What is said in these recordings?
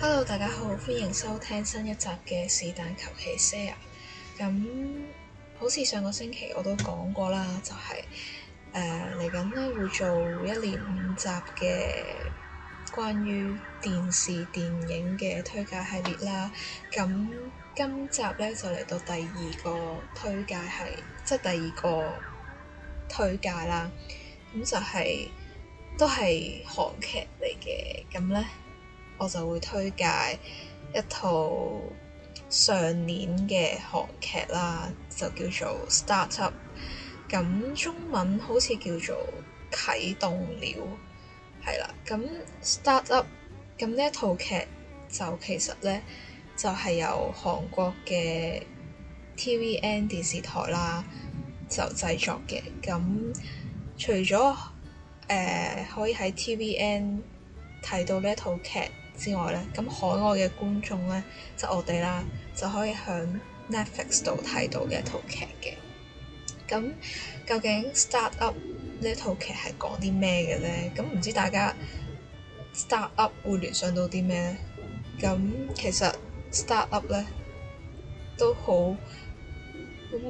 Hello，大家好，歡迎收聽新一集嘅是但求其 share。咁好似上個星期我都講過啦，就係嚟緊咧，會做一連五集嘅關於電視電影嘅推介系列啦。咁今集咧就嚟到第二個推介系，即係第二個推介啦。咁就係都係韓劇嚟嘅，咁咧。我就會推介一套上年嘅韓劇啦，就叫做 Start up《Startup》，咁中文好似叫做《啟動了》，係啦。咁《Startup》咁呢一套劇就其實呢，就係、係、由韓國嘅 TVN 電視台啦就製作嘅。咁除咗誒、呃、可以喺 TVN 睇到呢一套劇之外咧，咁海外嘅觀眾咧，即係我哋啦，就可以喺 Netflix 度睇到嘅一套劇嘅。咁究竟《Start Up》呢套劇係講啲咩嘅咧？咁唔知大家《Start Up》會聯想到啲咩咧？咁其實《Start Up》咧都好好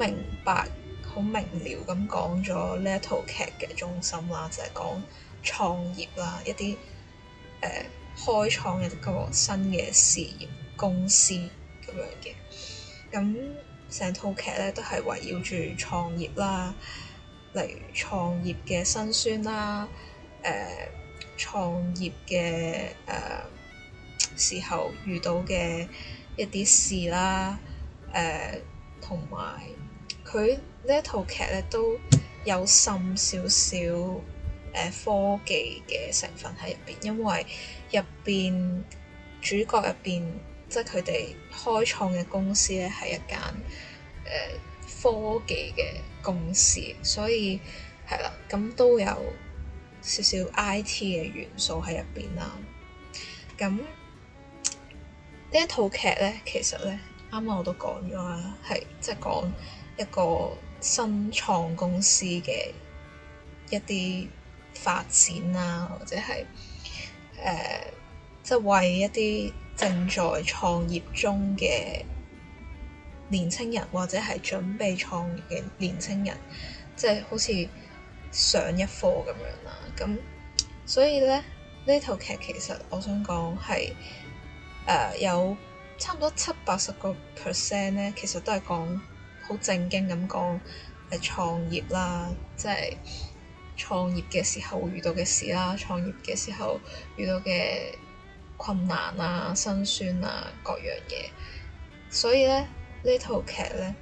明白、好明瞭咁講咗呢一套劇嘅中心啦，就係講創業啦，一啲誒。呃開創一個新嘅事業公司咁樣嘅，咁成套劇咧都係圍繞住創業啦，例如創業嘅辛酸啦，誒、呃、創業嘅誒、呃、時候遇到嘅一啲事啦，誒同埋佢呢一套劇咧都有甚少少。科技嘅成分喺入邊，因為入邊主角入邊，即係佢哋開創嘅公司咧，係一間誒、呃、科技嘅公司，所以係啦，咁都有少少 I T 嘅元素喺入邊啦。咁呢一套劇咧，其實咧啱啱我都講咗啦，係即係講一個新創公司嘅一啲。發展啊，或者係誒，即、呃、係、就是、為一啲正在創業中嘅年青人，或者係準備創業嘅年青人，即、就、係、是、好似上一課咁樣啦。咁所以咧，呢、這、套、個、劇其實我想講係誒有差唔多七八十個 percent 咧，其實都係講好正經咁講誒創業啦，即、就、係、是。創業嘅時候遇到嘅事啦，創業嘅時候遇到嘅困難啊、辛酸啊各樣嘢，所以咧呢套劇呢，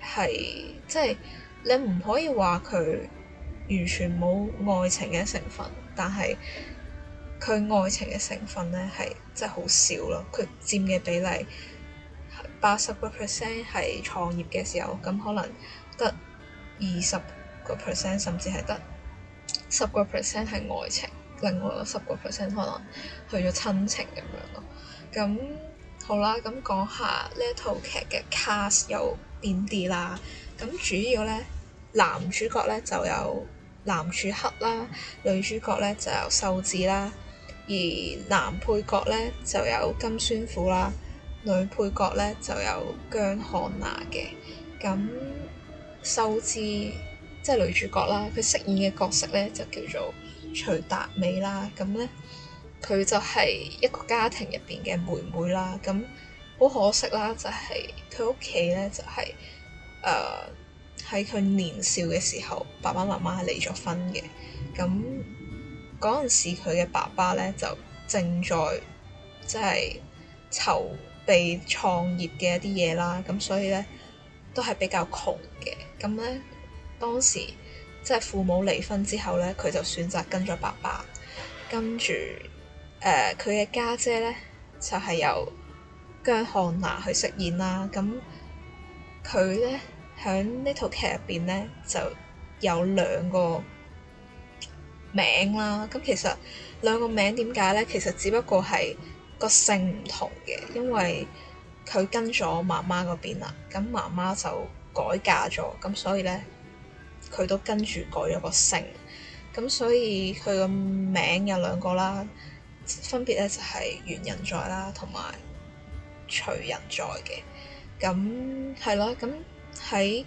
係即係你唔可以話佢完全冇愛情嘅成分，但係佢愛情嘅成分呢，係真係好少咯，佢佔嘅比例八十個 percent 係創業嘅時候，咁可能得二十。個 percent 甚至係得十個 percent 係愛情，另外十個 percent 可能去咗親情咁樣咯。咁好啦，咁講下呢一套劇嘅 cast 有邊啲啦。咁主要呢，男主角呢就有南柱赫啦，女主角呢就有秀智啦，而男配角呢就有金宣虎啦，女配角呢就有姜漢娜嘅。咁秀智，即係女主角啦，佢飾演嘅角色咧就叫做徐達美啦。咁咧，佢就係一個家庭入邊嘅妹妹啦。咁好可惜啦、就是，就係佢屋企咧就係誒喺佢年少嘅時候，爸爸媽媽係離咗婚嘅。咁嗰陣時佢嘅爸爸咧就正在即係籌備創業嘅一啲嘢啦。咁所以咧都係比較窮嘅。咁咧。當時即係父母離婚之後咧，佢就選擇跟咗爸爸。跟住誒，佢嘅家姐咧就係、是、由姜漢娜去飾演啦。咁佢咧喺呢套劇入邊咧就有兩個名啦。咁其實兩個名點解咧？其實只不過係個姓唔同嘅，因為佢跟咗媽媽嗰邊啦。咁媽媽就改嫁咗，咁所以咧。佢都跟住改咗個姓，咁所以佢個名有兩個啦，分別咧就係袁仁在啦，同埋徐仁在嘅。咁係咯，咁喺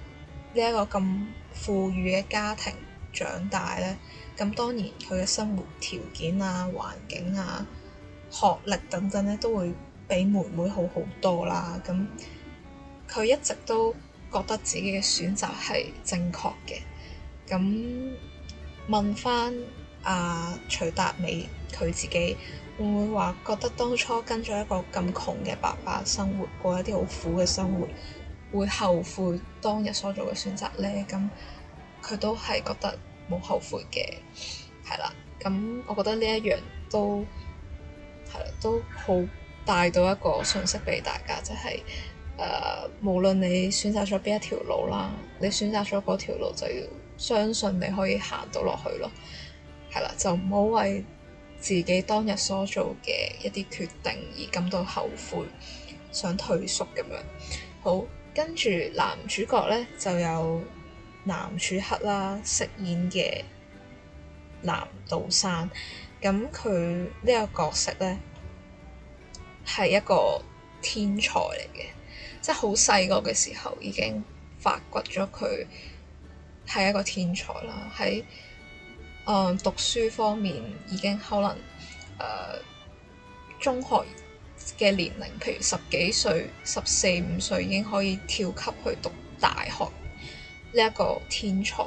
呢一個咁富裕嘅家庭長大咧，咁當然佢嘅生活條件啊、環境啊、學歷等等咧，都會比妹妹好好多啦。咁佢一直都覺得自己嘅選擇係正確嘅。咁問翻阿、啊、徐達美，佢自己會唔會話覺得當初跟咗一個咁窮嘅爸爸生活，過一啲好苦嘅生活，會後悔當日所做嘅選擇呢？咁佢都係覺得冇後悔嘅，係啦。咁我覺得呢一樣都係啦，都好帶到一個信息俾大家，即係誒，無論你選擇咗邊一條路啦，你選擇咗嗰條路就要。相信你可以行到落去咯，係啦，就唔好為自己當日所做嘅一啲決定而感到後悔，想退縮咁樣。好，跟住男主角呢就有男主黑啦，飾演嘅南道山，咁佢呢個角色呢，係一個天才嚟嘅，即係好細個嘅時候已經發掘咗佢。係一個天才啦，喺誒、呃、讀書方面已經可能誒、呃、中學嘅年齡，譬如十幾歲、十四五歲已經可以跳級去讀大學。呢、這、一個天才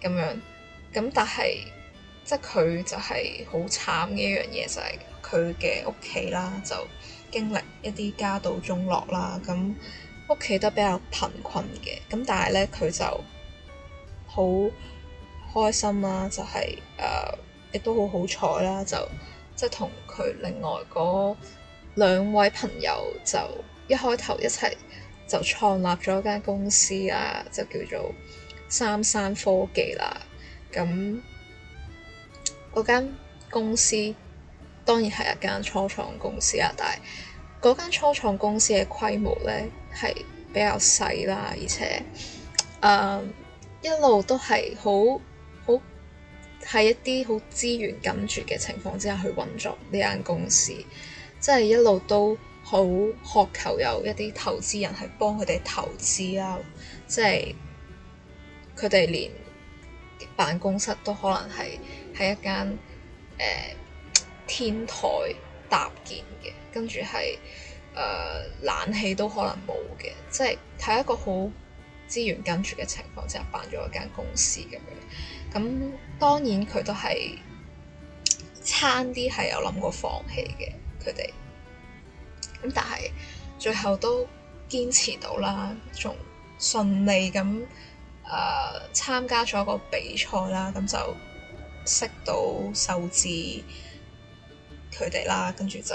咁樣咁，但係即係佢就係好慘嘅一樣嘢，就係佢嘅屋企啦，就經歷一啲家道中落啦。咁屋企都比較貧困嘅咁，但係咧佢就。好開心啦！就係、是、誒，亦、呃、都好好彩啦！就即係同佢另外嗰兩位朋友就一開頭一齊就創立咗間公司啊，就叫做三山科技啦。咁嗰間公司當然係一間初創公司啊，但係嗰間初創公司嘅規模呢，係比較細啦，而且誒、呃一路都係好好喺一啲好資源緊缺嘅情況之下去運作呢間公司，即係一路都好渴求有一啲投資人去幫佢哋投資啦，即係佢哋連辦公室都可能係喺一間誒、呃、天台搭建嘅，跟住係誒冷氣都可能冇嘅，即係係一個好。資源跟住嘅情況之下，辦咗間公司咁樣。咁當然佢都係差啲係有諗過放棄嘅，佢哋。咁但係最後都堅持到啦，仲順利咁誒參加咗個比賽啦，咁就識到秀智佢哋啦，跟住就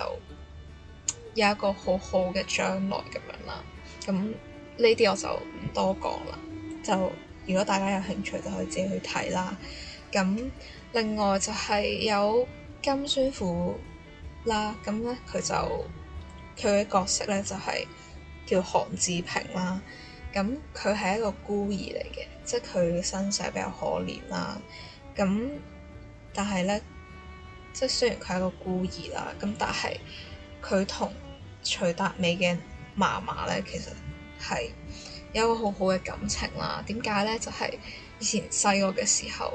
有一個好好嘅將來咁樣啦。咁呢啲我就唔多講啦。就如果大家有興趣，就可以自己去睇啦。咁另外就係有金宣虎啦。咁咧佢就佢嘅角色咧就係叫韓志平啦。咁佢係一個孤兒嚟嘅，即係佢身世比較可憐啦。咁但係咧，即係雖然佢係一個孤兒啦，咁但係佢同徐達美嘅嫲嫲咧，其實。係有個好好嘅感情啦。點解呢？就係、是、以前細個嘅時候，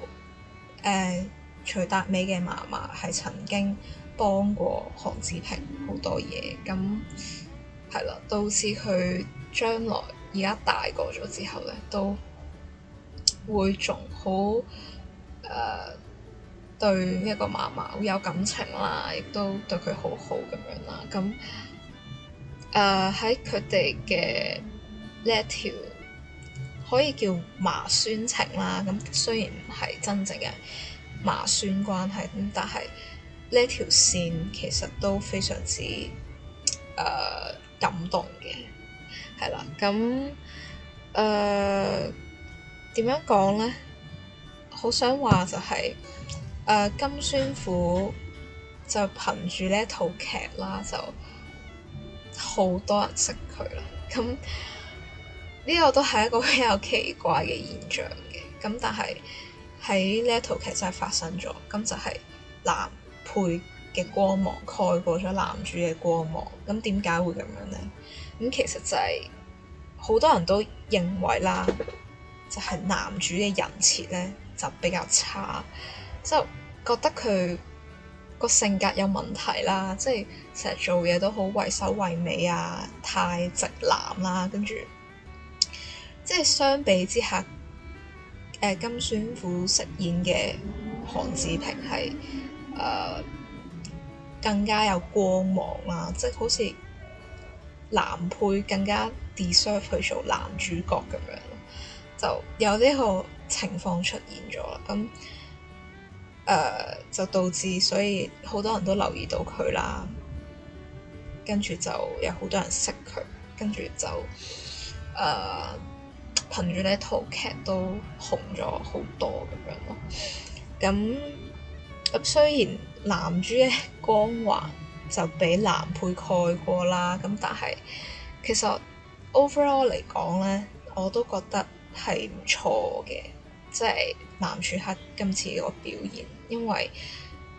誒、呃、徐達美嘅媽媽係曾經幫過韓志平好多嘢，咁係啦。導致佢將來而家大個咗之後呢，都會仲好誒、呃、對一個媽媽好有感情啦，亦都對佢好好咁樣啦。咁誒喺佢哋嘅。呃呢條可以叫嫲孫情啦，咁雖然唔係真正嘅嫲孫關係，咁但係呢條線其實都非常之誒、呃、感動嘅，係啦，咁誒點樣講咧？好想話就係、是、誒、呃、金宣虎就憑住呢套劇啦，就好多人識佢啦，咁。呢個都係一個比較奇怪嘅現象嘅，咁但係喺呢一套劇真係發生咗，咁就係男配嘅光芒蓋過咗男主嘅光芒。咁點解會咁樣呢？咁其實就係、是、好多人都認為啦，就係、是、男主嘅人設呢就比較差，就覺得佢個性格有問題啦，即係成日做嘢都好畏首畏尾啊，太直男啦、啊，跟住。即係相比之下，誒、呃、金宣虎飾演嘅韓志平係誒、呃、更加有光芒啊，即係好似男配更加 deserve 去做男主角咁樣咯，就有呢個情況出現咗啦。咁、嗯、誒、呃、就導致所以好多人都留意到佢啦，跟住就有好多人識佢，跟住就誒、呃憑住呢套劇都紅咗好多咁樣咯，咁咁雖然男主嘅光環就俾男配蓋過啦，咁但係其實 overall 嚟講呢，我都覺得係唔錯嘅，即係男主客今次個表現，因為誒、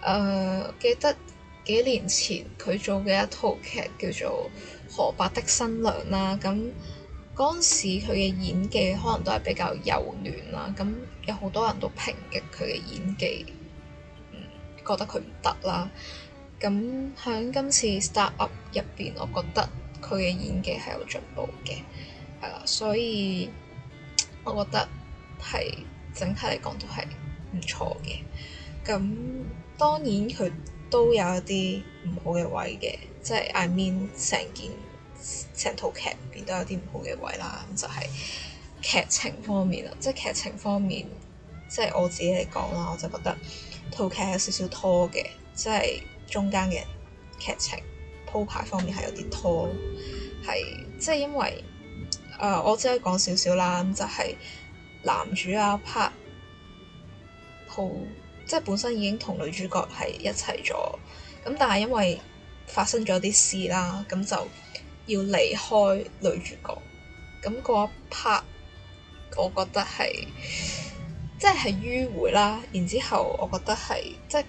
呃、記得幾年前佢做嘅一套劇叫做《河伯的新娘》啦，咁。嗰陣時佢嘅演技可能都係比較幼嫩啦，咁有好多人都評擊佢嘅演技，嗯，覺得佢唔得啦。咁喺今次 Start Up 入邊，我覺得佢嘅演技係有進步嘅，係啦，所以我覺得係整體嚟講都係唔錯嘅。咁當然佢都有一啲唔好嘅位嘅，即係 I mean 成件。成套劇入面都有啲唔好嘅位啦，咁就係劇情方面啦，即係劇情方面，即係我自己嚟講啦，我就覺得套劇有少少拖嘅，即係中間嘅劇情鋪排方面係有啲拖，係即係因為誒、呃，我只係講少少啦，咁就係男主阿、啊、拍，鋪即係本身已經同女主角係一齊咗，咁但係因為發生咗啲事啦，咁就。要離開女主角，咁嗰一 part 我覺得係即係迂回啦。然之後我覺得係即係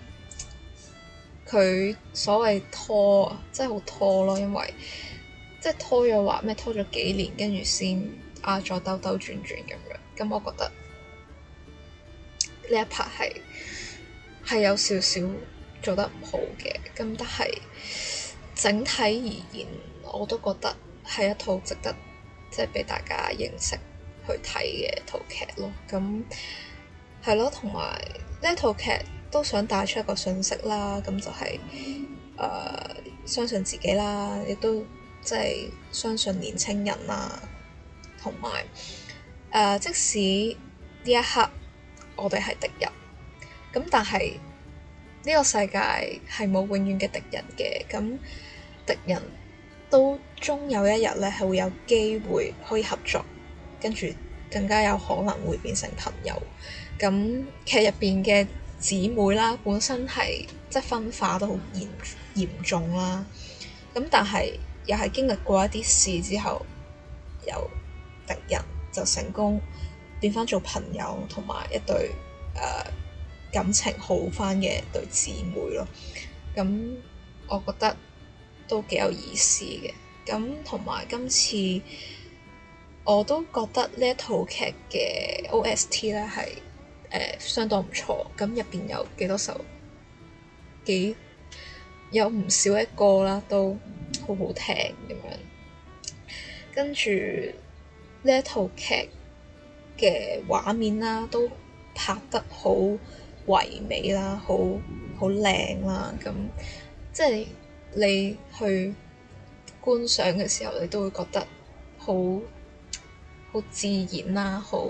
佢所謂拖，即係好拖咯，因為即係拖咗話咩拖咗幾年，跟住先啊咗兜兜轉轉咁樣。咁我覺得呢一 part 係係有少少做得唔好嘅。咁但係整體而言。我都覺得係一套值得即係俾大家認識去睇嘅套劇咯。咁係咯，同埋呢套劇都想帶出一個訊息啦。咁就係、是、誒、呃、相信自己啦，亦都即係相信年輕人啦。同埋、呃、即使呢一刻我哋係敵人，咁但係呢個世界係冇永遠嘅敵人嘅。咁敵人。都終有一日咧，係會有機會可以合作，跟住更加有可能會變成朋友。咁劇入邊嘅姊妹啦，本身係即係分化得好嚴嚴重啦。咁但係又係經歷過一啲事之後，由敵人就成功變翻做朋友，同埋一對誒、呃、感情好翻嘅對姊妹咯。咁我覺得。都幾有意思嘅，咁同埋今次我都覺得呢一套劇嘅 OST 咧，係誒相當唔錯，咁入邊有多幾多首幾有唔少嘅歌啦，都好好聽咁樣。跟住呢一套劇嘅畫面啦，都拍得好唯美啦，好好靚啦，咁即係。你去觀賞嘅時候，你都會覺得好好自然啦，啊，好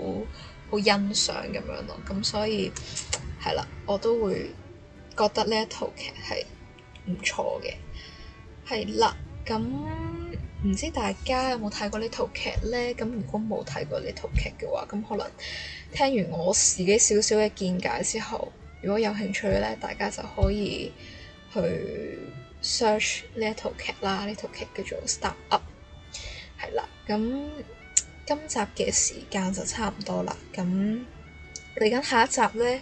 好欣賞咁樣咯。咁所以係啦，我都會覺得呢一套劇係唔錯嘅。係啦，咁唔知大家有冇睇過套劇呢套劇咧？咁如果冇睇過呢套劇嘅話，咁可能聽完我自己少少嘅見解之後，如果有興趣咧，大家就可以去。search 呢一套劇啦，呢套劇叫做《Start Up》，係啦，咁今集嘅時間就差唔多啦，咁嚟緊下一集咧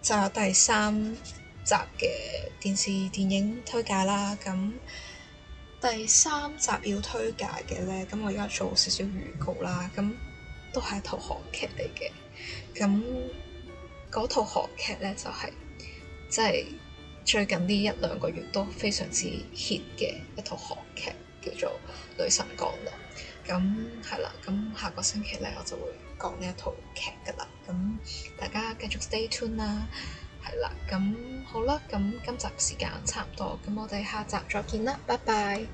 就有第三集嘅電視電影推介啦，咁第三集要推介嘅咧，咁我而家做少少預告啦，咁都係一套韓劇嚟嘅，咁嗰套韓劇咧就係即係，就係最近呢一兩個月都非常之 hit 嘅一套韓劇，叫做《女神降臨》。咁係啦，咁下個星期咧我就會講呢一套劇㗎啦。咁大家繼續 stay tune 啦，係啦。咁好啦，咁今集時間差唔多，咁我哋下集再見啦，拜拜。